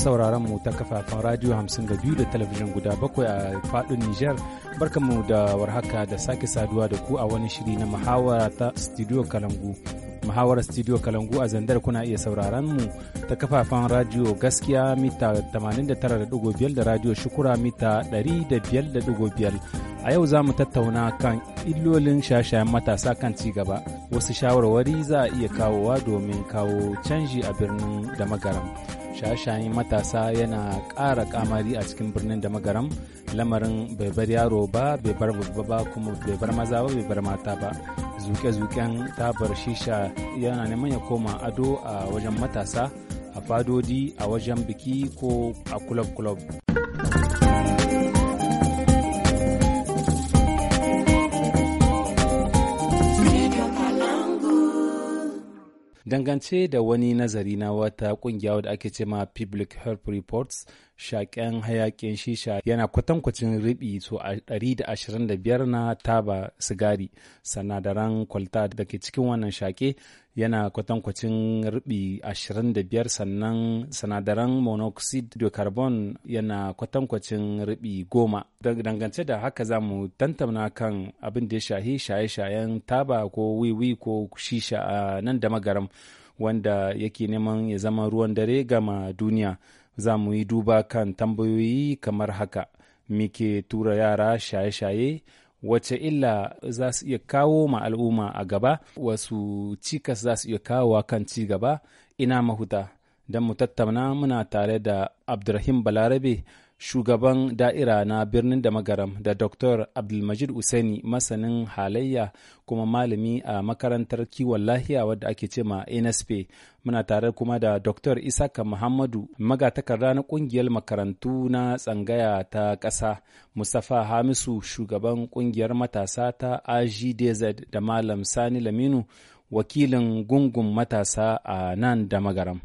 sauraron mu ta kafafen radio 52 da talabijin guda bakwai a fadin Nijar. Barkanmu da warhaka da sake saduwa da ku a wani shiri na muhawara ta Studio Kalangu. Muhawarar Studio Kalangu a Zandar kuna iya sauraron mu ta kafafen radio gaskiya mita 89.5 da radio shukura mita 105.5. a yau za mu tattauna kan illolin shashayen matasa kan cigaba wasu shawarwari za a iya kawowa domin kawo canji a birnin da magaram shaye matasa yana ƙara kamari a cikin birnin da magaram lamarin bai bar yaro ba bai bar babba ba kuma bai bar maza ba bai bar mata ba zuke-zuken tabar shisha yana neman ya koma ado a wajen matasa a fadodi a wajen biki ko a kulob-kulob. dangance da wani nazari na wata kungiya da ake ma public health reports shaƙen hayaƙin shisha yana kwatankwacin ribi so a da 125 na taba sigari sanadaran kwalta da ke cikin wannan shaƙe yana kwatankwacin riɓi 25 sannan sanadaran monoxide de carbon yana kwatankwacin ribi goma. dangance da haka za mu tantamna kan abin da ya shahi shaye-shayen taba ko wiwi ko shisha a nan da magaram wanda yake neman ya zama ruwan dare gama duniya za mu yi duba kan tambayoyi kamar haka muke tura yara shaye-shaye wace illa za su iya kawo ma al'umma a gaba wasu cikas za su iya kawo kan ci gaba ina mahuta don mu tattauna muna tare da abdurrahim balarabe shugaban da'ira na birnin da magaram da dr abdulmajid usaini masanin halayya kuma malami a makarantar kiwon lahiya wadda ake ce ma nsp muna tare kuma da dr isaka muhammadu magatakarda na kungiyar makarantu na tsangaya ta ƙasa mustapha hamisu shugaban kungiyar matasa ta agdz da malam sani laminu wakilin gungun matasa a nan da magaram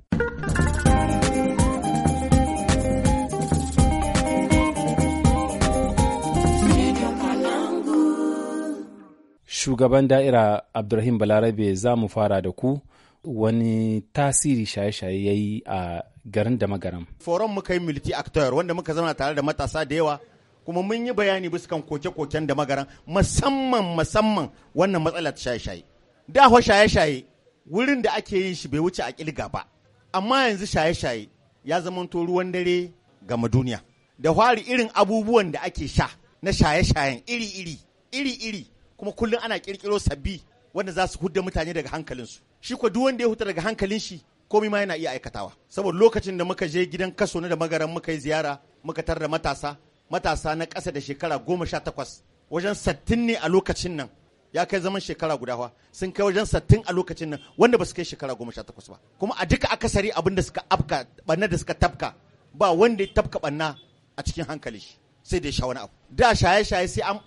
shugaban da'ira abdulrahim balarabe za mu fara da ku wani tasiri shaye-shaye ya yi a garin da magaram foron muka yi milki actor wanda muka zama tare da matasa da yawa kuma mun yi bayani bisa kan koke-koken da magaran musamman musamman wannan matsalar shaye-shaye da shaye-shaye wurin da ake yin shi bai wuce a kilga ba amma yanzu shaye-shaye ya zamanto ruwan dare ga duniya da fari irin abubuwan da ake sha na shaye-shayen iri-iri iri-iri kuma kullum ana kirkiro sabbi wanda za su hudda mutane daga hankalinsu shi ko duk wanda ya huta daga hankalin shi komai ma yana iya aikatawa saboda lokacin da muka je gidan kaso na da magaran muka yi ziyara muka tar da matasa matasa na ƙasa da shekara goma sha takwas wajen sattin ne a lokacin nan ya kai zaman shekara guda fa sun kai wajen sattin a lokacin nan wanda ba su kai shekara goma sha takwas ba kuma a duka akasari abin da suka afka banna da suka tafka ba wanda ya tafka banna a cikin hankali sai dai sha wani abu da shaye shaye sai an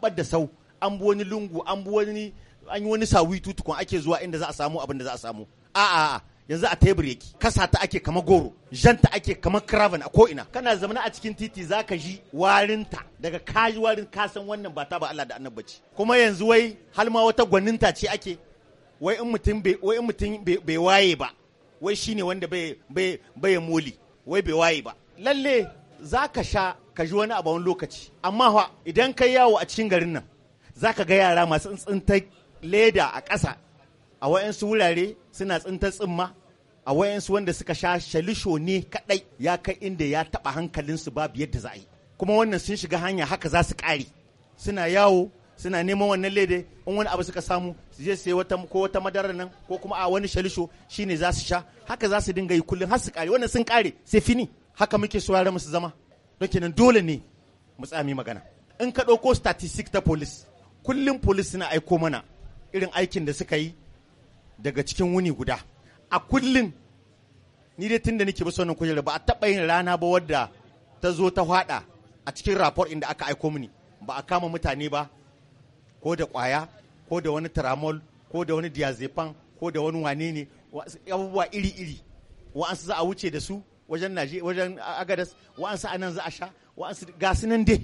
ɓadda sau an bi wani lungu an bi wani an yi wani sawi tutukun ake zuwa inda za a samu abin da za a samu a yanzu a tebur yake kasa ta ake kamar goro janta ake kamar craven a ko ina. kana zamana a cikin titi zaka ji warinta daga ji warin ka san wannan ba ta ba Allah da annabaci kuma yanzu wai ma wata gwaninta ce ake wai in mutum bai wai in mutum bai waye ba wai shine wanda bai bai bai moli wai bai waye ba lalle zaka sha ka ji wani a wani lokaci amma fa idan kai yawo a cikin garin nan za ka ga yara masu tsintar leda a ƙasa a wa'yansu wurare suna tsintar tsimma a wa'yansu wanda suka sha shalisho ne kaɗai ya kai inda ya taɓa hankalinsu babu yadda za a yi kuma wannan sun shiga hanya haka za su ƙari suna yawo suna neman wannan leda in wani abu suka samu su je sai wata ko wata madara nan ko kuma a wani shalisho shine za su sha haka za su dinga yi kullum har su kare wannan sun kare sai fini haka muke so yaran su zama don kenan dole ne mu tsami magana in ka ɗauko statistics ta police kullum polis suna aiko mana irin aikin da suka yi daga cikin wuni guda a kullum ni dai tunda nake bisa wannan kujera ba a taɓa yin rana ba wadda ta zo ta hada a cikin rapor inda aka aiko mini ba a kama mutane ba ko da ƙwaya ko da wani tramol ko da wani diazepam ko da wani wane ne abubuwa iri-iri wa'ansu za a wuce da su wajen naje wajen agadas wa'ansu anan za a sha wa'ansu ga su nan dai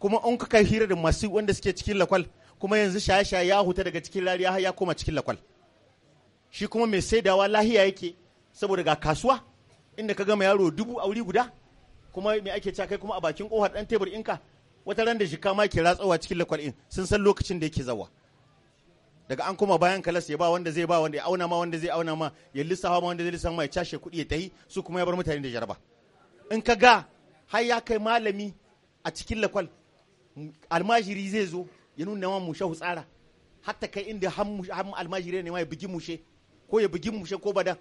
kuma an ka kai hira da masu wanda suke cikin lakwal kuma yanzu shaye-shaye ya huta daga cikin rariya har ya koma cikin lakwal shi kuma mai saidawa lahiya yake saboda ga kasuwa inda ka gama yaro dubu a wuri guda kuma mai ake cakai kai kuma a bakin kofar dan tebur inka wata ran da shi ma ke ratsawa cikin lakwal in sun san lokacin da yake zawa daga an koma bayan kalas ya ba wanda zai ba wanda ya auna ma wanda zai auna ma ya lissafa ma wanda zai lissafa ma ya cashe kuɗi ya tahi su kuma ya bar mutane da jaraba in ka ga har ya kai malami a cikin lakwal almajiri zai zo ya nuna wa mushe hutsara hatta kai inda hannun almajirai ne ma ya bugi mushe ko ya bugi mushe ko badan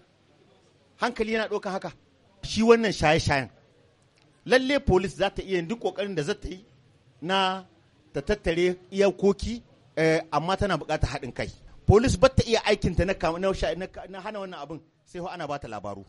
hankali yana ɗauka haka shi wannan shaye-shayen lalle polis za ta iya duk ƙoƙarin da za ta yi na ta tattare iyakoki eh, amma tana buƙatar haɗin kai polis ba ta iya aikinta na hana wannan abin sai ana ba ta labaru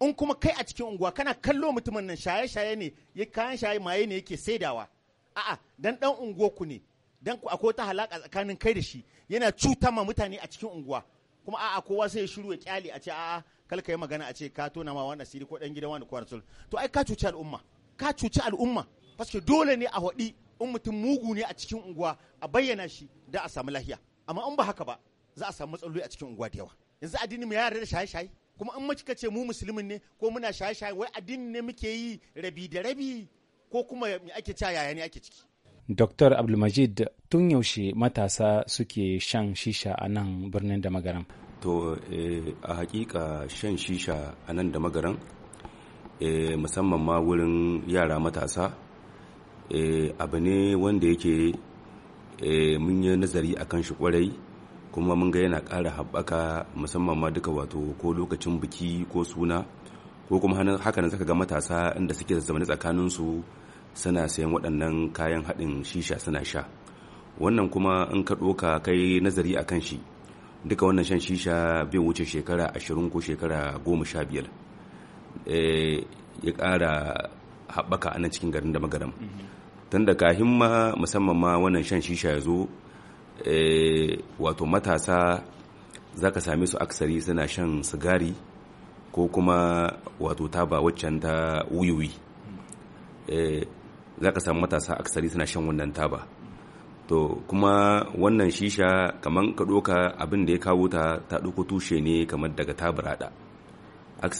in kuma kai a cikin unguwa kana kallo mutumin nan shaye-shaye ne kayan shaye maye ne yake saidawa a'a dan dan unguwa ku ne dan akwai wata halaka tsakanin kai da shi yana cuta ma mutane a cikin unguwa kuma a'a kowa sai ya shiru ya kyale a ce a'a kal ka magana a ce ka tona ma wani asiri ko dan gidan wani kwarsul to ai ka cuci al'umma ka cuci al'umma paske dole ne a haɗi in mutum mugu ne a cikin unguwa a bayyana shi da a samu lahiya amma in ba haka ba za a samu matsaloli a cikin unguwa da yawa yanzu addini mu yara da shaye-shaye kuma in mu kika ce mu musulmin ne ko muna shaye-shaye wai addini ne muke yi rabi da rabi ko kuma me ake cewa yaya ne ake ciki Dr. Abdulmajid tun yaushe matasa suke shan shisha a nan birnin da magaran? To eh, a hakika shan shisha a nan da magaran eh, musamman ma wurin yara matasa eh, abu ne wanda yake eh, mun yi nazari a kan shi kwarai kuma mun ga yana ƙara haɓaka musamman ma duka wato ko lokacin biki ko suna ko kuma hakanan zaka saka ga matasa inda suke tsakanin tsakaninsu suna sayan waɗannan kayan haɗin shisha suna sha wannan kuma in ka ɗoka kai nazari a kan shi duka wannan shan shisha bai wuce shekara ashirin ko shekara goma sha biyar eh, ya ƙara haɓaka a nan cikin garin da magaram mm-hmm. tun da kahin ma musamman ma wannan shan shisha ya zo eh, wato matasa za ka same su aksari suna shan sigari ko kuma wato taba waccan ta wuyuwi mm. eh, za ka samu matasa aksari suna shan wannan taba to kuma wannan shisha kamar ka ɗoka abin da ya kawo ta ta doko tushe ne kamar daga tabarada